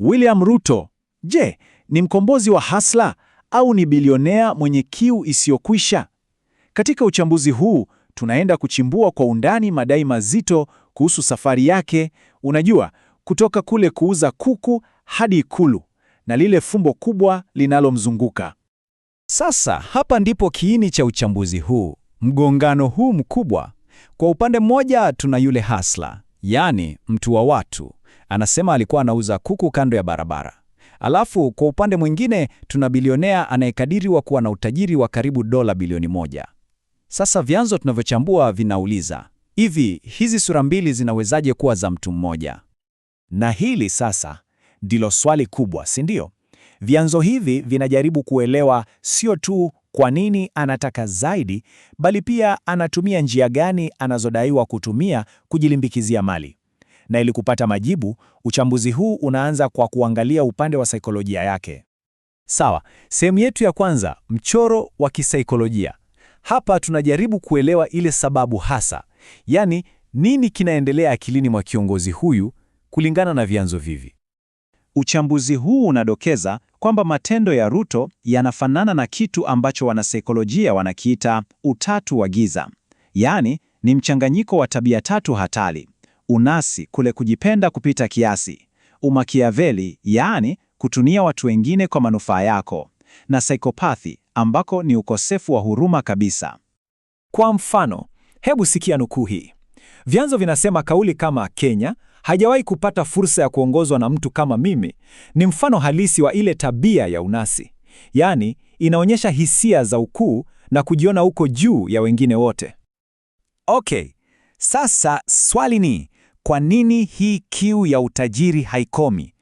William Ruto, je, ni mkombozi wa hasla au ni bilionea mwenye kiu isiyokwisha? Katika uchambuzi huu tunaenda kuchimbua kwa undani madai mazito kuhusu safari yake, unajua, kutoka kule kuuza kuku hadi Ikulu na lile fumbo kubwa linalomzunguka. Sasa hapa ndipo kiini cha uchambuzi huu, mgongano huu mkubwa. Kwa upande mmoja, tuna yule hasla, yaani mtu wa watu Anasema alikuwa anauza kuku kando ya barabara. Alafu kwa upande mwingine tuna bilionea anayekadiriwa kuwa na utajiri wa karibu dola bilioni moja. Sasa vyanzo tunavyochambua vinauliza hivi, hizi sura mbili zinawezaje kuwa za mtu mmoja? Na hili sasa ndilo swali kubwa, si ndio? Vyanzo hivi vinajaribu kuelewa sio tu kwa nini anataka zaidi, bali pia anatumia njia gani anazodaiwa kutumia kujilimbikizia mali na ili kupata majibu, uchambuzi huu unaanza kwa kuangalia upande wa saikolojia yake. Sawa, sehemu yetu ya kwanza, mchoro wa kisaikolojia. Hapa tunajaribu kuelewa ile sababu hasa, yaani nini kinaendelea akilini mwa kiongozi huyu kulingana na vyanzo vivi. Uchambuzi huu unadokeza kwamba matendo ya Ruto yanafanana na kitu ambacho wanasaikolojia wanakiita utatu wa giza, yaani ni mchanganyiko wa tabia tatu hatari: unasi, kule kujipenda kupita kiasi, umakiaveli, yaani kutunia watu wengine kwa manufaa yako, na saikopathi, ambako ni ukosefu wa huruma kabisa. Kwa mfano, hebu sikia nukuu hii. Vyanzo vinasema kauli kama Kenya hajawahi kupata fursa ya kuongozwa na mtu kama mimi ni mfano halisi wa ile tabia ya unasi, yaani inaonyesha hisia za ukuu na kujiona uko juu ya wengine wote. Okay, sasa swali ni kwa nini hii kiu ya utajiri haikomi?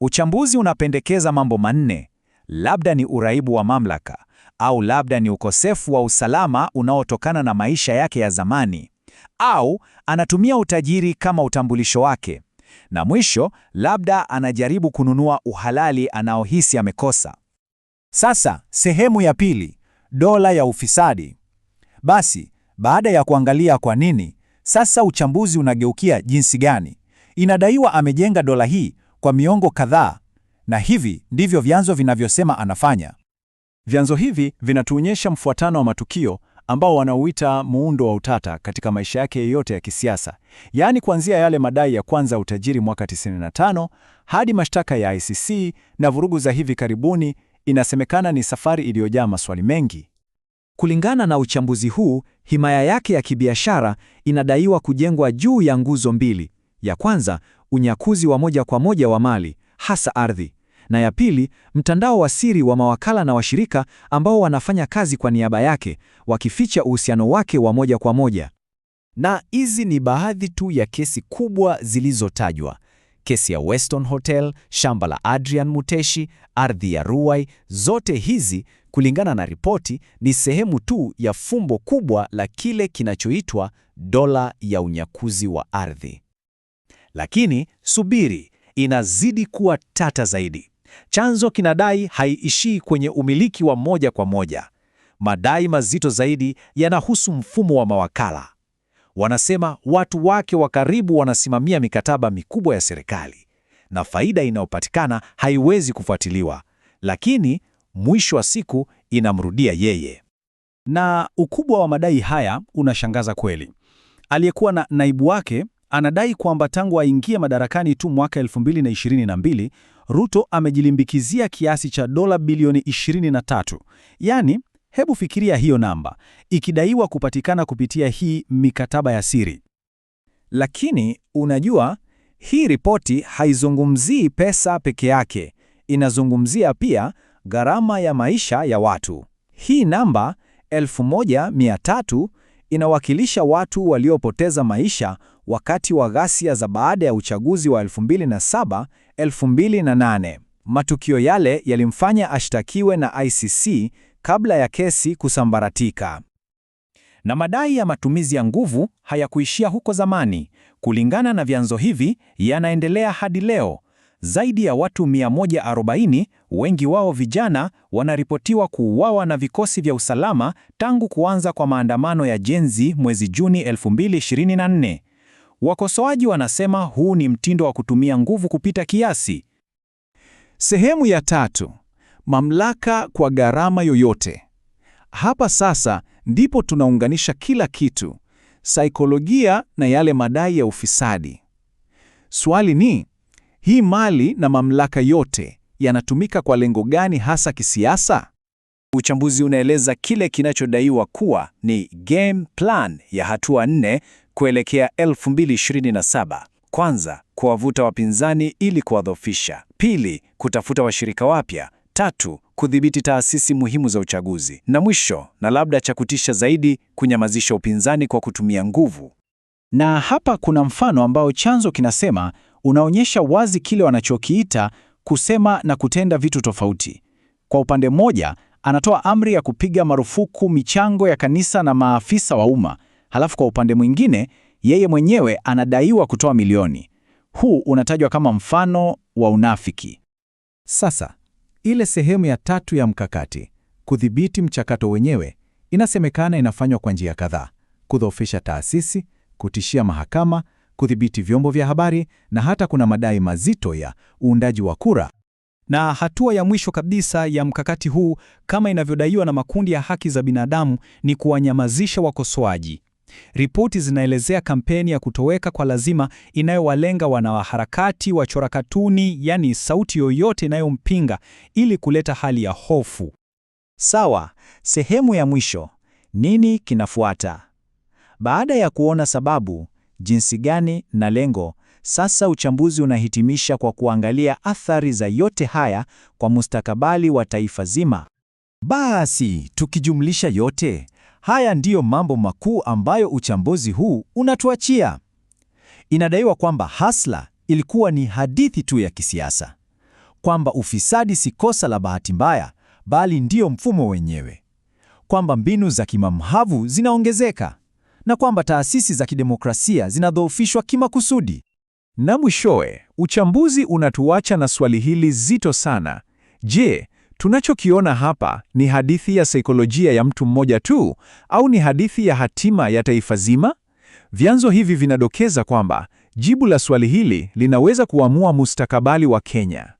Uchambuzi unapendekeza mambo manne. Labda ni uraibu wa mamlaka, au labda ni ukosefu wa usalama unaotokana na maisha yake ya zamani, au anatumia utajiri kama utambulisho wake, na mwisho, labda anajaribu kununua uhalali anaohisi amekosa. Sasa sehemu ya pili, dola ya ufisadi. Basi baada ya kuangalia kwa nini sasa uchambuzi unageukia jinsi gani. Inadaiwa amejenga dola hii kwa miongo kadhaa, na hivi ndivyo vyanzo vinavyosema anafanya. Vyanzo hivi vinatuonyesha mfuatano wa matukio ambao wanauita muundo wa utata katika maisha yake yote ya kisiasa, yaani kuanzia yale madai ya kwanza ya utajiri mwaka 95 hadi mashtaka ya ICC na vurugu za hivi karibuni. Inasemekana ni safari iliyojaa maswali mengi. Kulingana na uchambuzi huu, himaya yake ya kibiashara inadaiwa kujengwa juu ya nguzo mbili. Ya kwanza, unyakuzi wa moja kwa moja wa mali, hasa ardhi, na ya pili, mtandao wa siri wa mawakala na washirika ambao wanafanya kazi kwa niaba yake, wakificha uhusiano wake wa moja kwa moja. Na hizi ni baadhi tu ya kesi kubwa zilizotajwa kesi ya Weston Hotel, shamba la Adrian Muteshi, ardhi ya Ruai, zote hizi kulingana na ripoti ni sehemu tu ya fumbo kubwa la kile kinachoitwa dola ya unyakuzi wa ardhi. Lakini subiri, inazidi kuwa tata zaidi. Chanzo kinadai haiishii kwenye umiliki wa moja kwa moja. Madai mazito zaidi yanahusu mfumo wa mawakala. Wanasema watu wake wa karibu wanasimamia mikataba mikubwa ya serikali na faida inayopatikana haiwezi kufuatiliwa, lakini mwisho wa siku inamrudia yeye. Na ukubwa wa madai haya unashangaza kweli. Aliyekuwa na naibu wake anadai kwamba tangu aingie madarakani tu mwaka 2022 Ruto amejilimbikizia kiasi cha dola bilioni 23, yani Hebu fikiria hiyo namba ikidaiwa kupatikana kupitia hii mikataba ya siri. Lakini unajua, hii ripoti haizungumzii pesa peke yake, inazungumzia pia gharama ya maisha ya watu. Hii namba 1300 inawakilisha watu waliopoteza maisha wakati wa ghasia za baada ya uchaguzi wa 2007, 2008. Matukio yale yalimfanya ashtakiwe na ICC kabla ya kesi kusambaratika. Na madai ya matumizi ya nguvu hayakuishia huko zamani. Kulingana na vyanzo hivi, yanaendelea hadi leo. Zaidi ya watu 140, wengi wao vijana, wanaripotiwa kuuawa na vikosi vya usalama tangu kuanza kwa maandamano ya jenzi mwezi Juni 2024. Wakosoaji wanasema huu ni mtindo wa kutumia nguvu kupita kiasi. Sehemu ya tatu mamlaka kwa gharama yoyote. Hapa sasa ndipo tunaunganisha kila kitu, saikolojia na yale madai ya ufisadi. Swali ni, hii mali na mamlaka yote yanatumika kwa lengo gani hasa kisiasa? Uchambuzi unaeleza kile kinachodaiwa kuwa ni game plan ya hatua nne kuelekea 2027. Kwanza, kuwavuta wapinzani ili kuwadhofisha Pili, kutafuta washirika wapya. Tatu, kudhibiti taasisi muhimu za uchaguzi. Na mwisho, na labda cha kutisha zaidi, kunyamazisha upinzani kwa kutumia nguvu. Na hapa kuna mfano ambao chanzo kinasema unaonyesha wazi kile wanachokiita kusema na kutenda vitu tofauti. Kwa upande mmoja, anatoa amri ya kupiga marufuku michango ya kanisa na maafisa wa umma, halafu kwa upande mwingine, yeye mwenyewe anadaiwa kutoa milioni. Huu unatajwa kama mfano wa unafiki. Sasa ile sehemu ya tatu ya mkakati, kudhibiti mchakato wenyewe, inasemekana inafanywa kwa njia kadhaa: kudhoofisha taasisi, kutishia mahakama, kudhibiti vyombo vya habari, na hata kuna madai mazito ya uundaji wa kura. Na hatua ya mwisho kabisa ya mkakati huu, kama inavyodaiwa na makundi ya haki za binadamu, ni kuwanyamazisha wakosoaji. Ripoti zinaelezea kampeni ya kutoweka kwa lazima inayowalenga wanaharakati, wachora katuni, yani sauti yoyote inayompinga ili kuleta hali ya hofu. Sawa, sehemu ya mwisho. Nini kinafuata? Baada ya kuona sababu, jinsi gani na lengo, sasa uchambuzi unahitimisha kwa kuangalia athari za yote haya kwa mustakabali wa taifa zima. Basi, tukijumlisha yote, Haya ndiyo mambo makuu ambayo uchambuzi huu unatuachia. Inadaiwa kwamba hasla ilikuwa ni hadithi tu ya kisiasa, kwamba ufisadi si kosa la bahati mbaya, bali ndiyo mfumo wenyewe, kwamba mbinu za kimamhavu zinaongezeka na kwamba taasisi za kidemokrasia zinadhoofishwa kimakusudi. Na mwishowe, uchambuzi unatuacha na swali hili zito sana: je, Tunachokiona hapa ni hadithi ya saikolojia ya mtu mmoja tu au ni hadithi ya hatima ya taifa zima? Vyanzo hivi vinadokeza kwamba jibu la swali hili linaweza kuamua mustakabali wa Kenya.